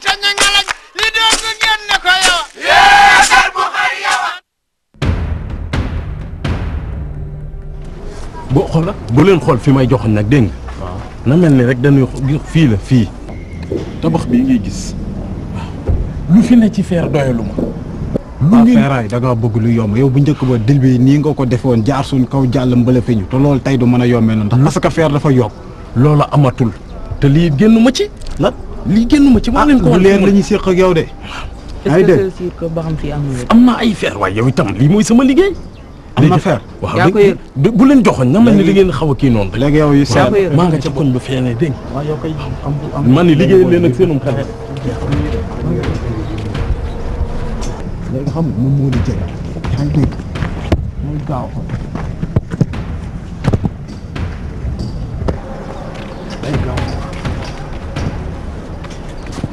te ñu ngalañ bu leen xool fi may joxoon nag dégg nga. waaw na mel ni rek dañuy fii la fii. tabax bii ngay gis. lu fi ne ci feer doyalu ma. waaw ah, feeraay da bëgg lu yomb yow bu njëkk ba dil nii nga ko defoon jaar suñ kaw jàll mbala feñu te loolu tey du mën a yombee noonu. ndax parce feer dafa yokk. loolu amatul. te lii génn ma ci lan. li génnuma ci maa ah, leen ko. leen lu leer la ñuy séq ak yow de. ay dégg est-ce am na. ay fer waaye yow itam lii mooy sama liggéey. am na fer waaw bu leen joxoon nan la ni li ngeen xaw a kii noonu rek. léegi yow yu seet maa nga ca koñ ba fee ne dégg waaw yow kay am am man liggéey leen ak seenum xel. léegi xam nga moom moo di jege. yaa ngi dégg mooy gaaw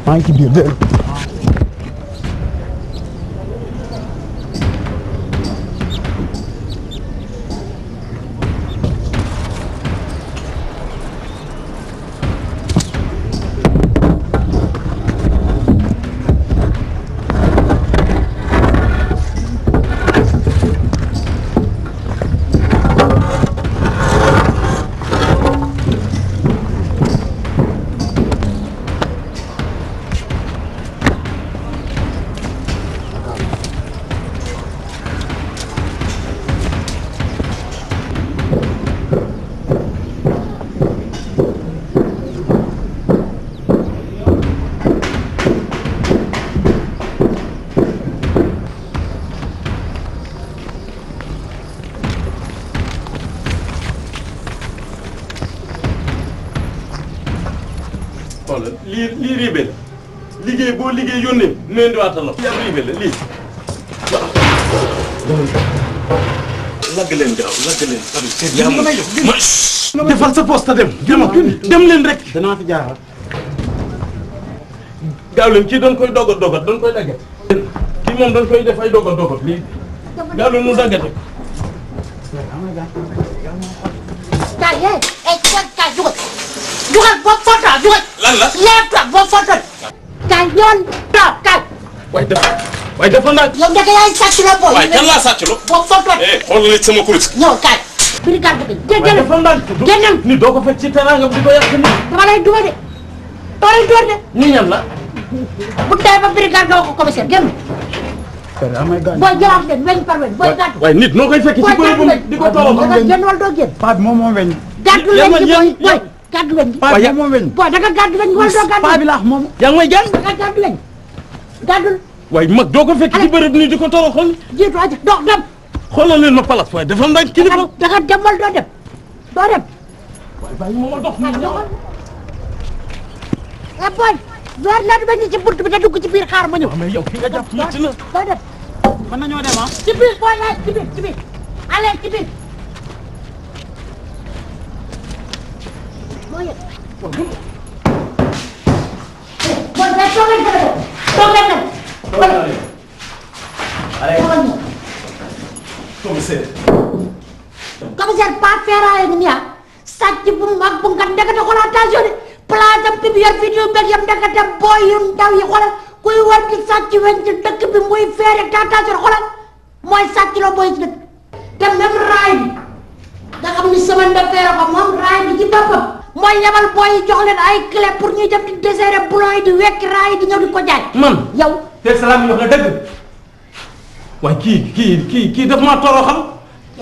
maa ngi ci biir dégg façon la lii lii riibe la liggéey boo liggéey yónnee nee ndiwaatal la lii riibe la lii lagg leen gaaw lagg leen abi defal sa poste dem dem leen rek danaa fi jaar gaaw leen kii dañ koy dogat dogat dañ koy daggat kii moom dañ koy def ay dogat dogat lii gaaw leen nu daggate jugal boobu foto jugal. lan la laa toog boobu foto. kay yoon toog kay. waay dafa waay dafa naaj. yow njëkk yaay sàcc la booy. waay kan laa sàcc la. boobu foto. Eh, xoolal la sama kuréel. ñëw kay. brigade bi génnal génnal ni doo ko fekk ci teraanga di ko yàq ni dama lay duma de dama lay door de. ni ñam la. bu tey ba brigade doo ko commissaire génn. booy jëlaat leen weñ par weñ booy gàddu. waay nit noo koy fekk ci booy bu di ko toog. da nga génn wala doo génn. Pape moom moo weñ. gàddu leen ci booy booy. gàddu lañ bi. waaye moom lañ. waaw da nga gàddu lañ wala doo gàddu. paa bi laax moom. yaa ngi may gàddu. da nga gàddu lañ gàddul. waaye mag doo ko fekk ci bërëb nii di ko toroxal. jiitu aja dox dem. xoolal leen ma palaas waaye dafa ndax kilifa. da nga dem wala doo dem doo dem. waaye bàyyi ma ma dox nii ñëwal. ah eh, booy. door naa ba ñu ci bunt bi da dugg ci biir xaar ma ñëw. waaw mais yow ki nga jàpp métti na. doo dem. mën nañoo dem ah. ci biir booy laaj eh, ci biir ci biir allez ci biir waaye waaw dégg nga. waaw mais toog leen dana ko toog leen nag. toog naa leen. allez toogal ñu. commissaire. commissaire pas ferraille ni ah. sàcc bu mag bu nga ndekete xoolal attention de place am bi yor vidéo beeg yor ndekete booy yu ndaw yi xoolal kuy war ci sàcc weñ ci dëkk bi muy feere te attention xoolal mooy sàcc la booy ci dëkk. te même raay bi nga xam ni semaine de feere ko moom raay bi ci boppam. mooy yabal booy yi jox leen ay clé pour ñuy dem di desserrer boulon yi di wekk raa yi di ñëw di ko jaay. man yow. tey salaam yi wax na dëgg waaye kii kii kii kii daf maa tooroo xam.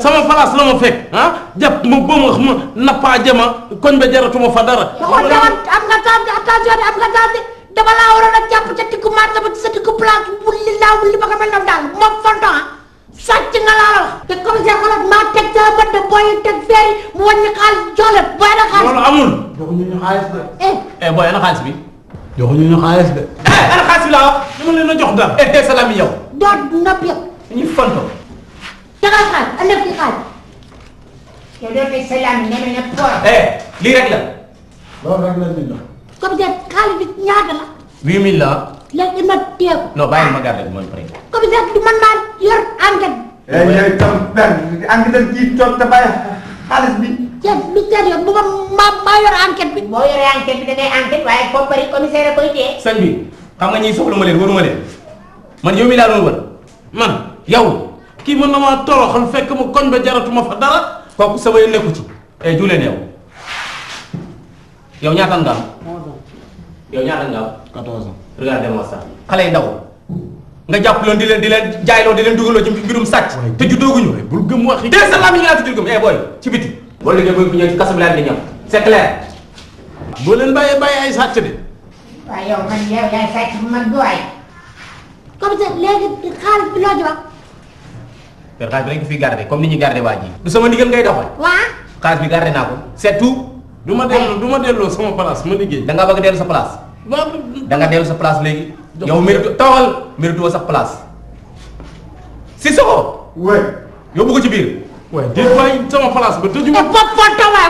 sama place la ma fekk ah jàpp ma ba ma xam ma nappaa jama koñ ba jaratuma fa dara. loolu la am nga temps attention am nga temps dama laa waroon a jàpp ca diggu marché ba ci sa diggu place bu li laaw li ma ko mel noonu daal moom fonto sàcc nga laa la wax. te commissaire xoolal maa teg sa booy teg fee mu wàññi xaalis joole booy na xaalis. loolu amul. joxuñu ñu xaalis de. eh, eh booy na xaalis bi. joxuñu ñu xaalis de. eh ana xaalis bi laa wax. dama a jox dara. eh teg sa lami yow. doot nopp yow. ñu fantoo. tegal xaalis ànd ak ci xaalis. te doo teg sa lami ne ne poor. eh lii rek la. loolu la ñu jox. commissaire xaalis bi la. huit mille la. léegi ma teeku. non bàyyi ma garde mooy pare. commissaire bi man maa yor enquête. Eh, yooyu tam benn enquête kii toog te bàyyi xaalis bi. ceeb lu sérieux bu ma ma maa yor enquête bi. boo yoree enquête bi da ngay enquête waaye foofu bari commissaire koy téye. nga ñiy soxla leen waruma leen man yow mi laa man yow kii mën na maa toroxal fekk mu koñ ba jaratuma fa dara kooku sama yoon nekku ci. eh juuleen yow yow ñaata nga am. yow ñaata nga am 14 ans. regardez-moi ça ndaw nga jàpp leen di leen di leen jaayloo di leen dugaloo ci mbirum sàcc te ju dooguñu bul gëm wax yi dee sa làmmiñ laa tuddul gëm eh booy ci biti boo liggéey boo leen bàyyee bàyyi ay sàcc de waaw yow man yow yaay bi waay comme ça léegi bi loo ci waa ji du sama ndigal ngay doxal waa xaalis bi garder naa ko c'est tout du ma delloo du ma delloo sama place ma liggéey da ngaa bëgg dellu sa place da nga dellu sa place léegi. yow méritu tawal méritu woo sax place. si soxo. oui. yóbbu ko ci biir. waaye di bàyyi sama place ba eh, place ba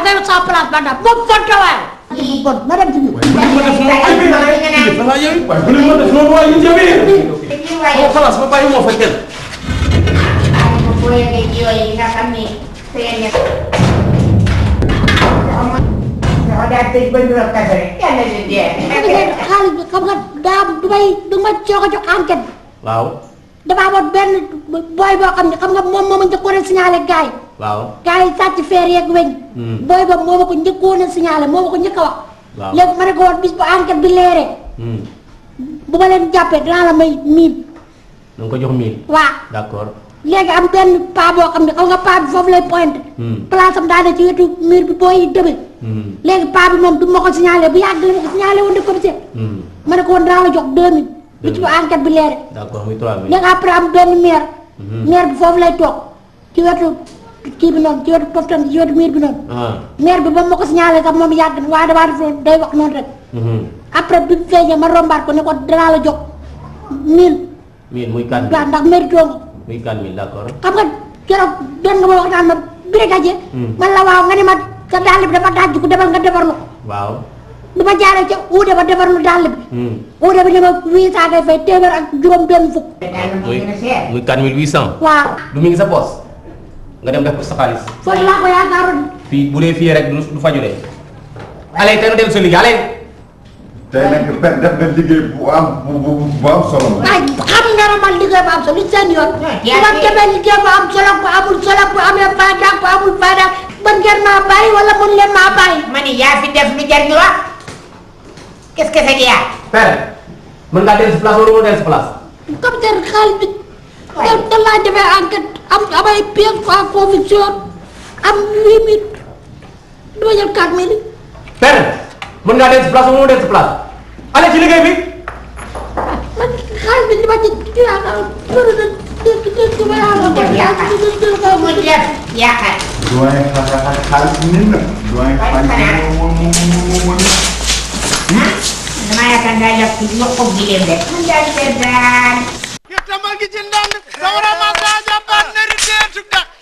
ndax bopp fonte waaye. bon madame Diouf. waaye bu ma def noonu ay biir da ngaa yooyu. ma def noonu waaye ñu jëmee. place ba bàyyi ma daal tëj ba ñu kaso rek yàlla leen dee. xaalis bi xam nga daa du may du ko jox enquête waaw. dafa amoon benn booy boo a signalé gars yi. waaw gars yi sàcc feer yeeg weñ. Hmm. booy boobu a signalé moo ko njëkk a wax. waaw léegi ma ne ko bu enquête bi leeree. Hmm. bu ma leen jàppee dinaa la may mille. na ko jox mille. waaw léegi am benn paa boo xam ne xam nga paa bi foofu lay pointé. Hmm. place am ci wetu mur bi booy yi Mm. léegi paa bi moom bi ma ko signalé bu yàgg la ma ko signalé woon de ko mm. a jox 2000. bu ci bi leere. d'accord muy 3000 léegi après mm-hmm. ah. ma ko signalé sax mm-hmm. jox 1000. 1000 muy 4000 waaw ndax mérite xam nga keroog doon nga ma wax naan ma brigadier. Mm. man la waaw nga ne ma. sa dàll bi dafa dajj ko demal nga defar ma ko. waaw lu ma jaaree ca uude ba defar lu dàll bi. Hmm. uude bi dama huit cent ngay fay téeméer muy ngi sa poos nga dem def sa xaalis. foofu laa ko yaakaaroon. fii bu dee fii rek du faju de. allez tey nu dem sa liggéey allez. tey nag def nga liggéey bu am solo. bu am solo lu bu am solo bu man jar naa bàyyi wala mun leen naa bàyyi. ma ni yaa fi def lu jar ñu wax ah. qu'est-ce que c'est que yaa. place wala wala dellu place. comme tey xaalis bi. waaye da laa defee enquête am amay pièces fois conviction am huit mille dama jël quatre mille. père mën ngaa dellu si place wala wala dellu place. allez ci liggéey bi. man xaalis bi li ma ci doyen xanaa xaalis nit la. doyen xanaa moom moom moom moom. ah damaa yaakaar daal yàq ci ma xob gi leen rek. man daal di seet daal.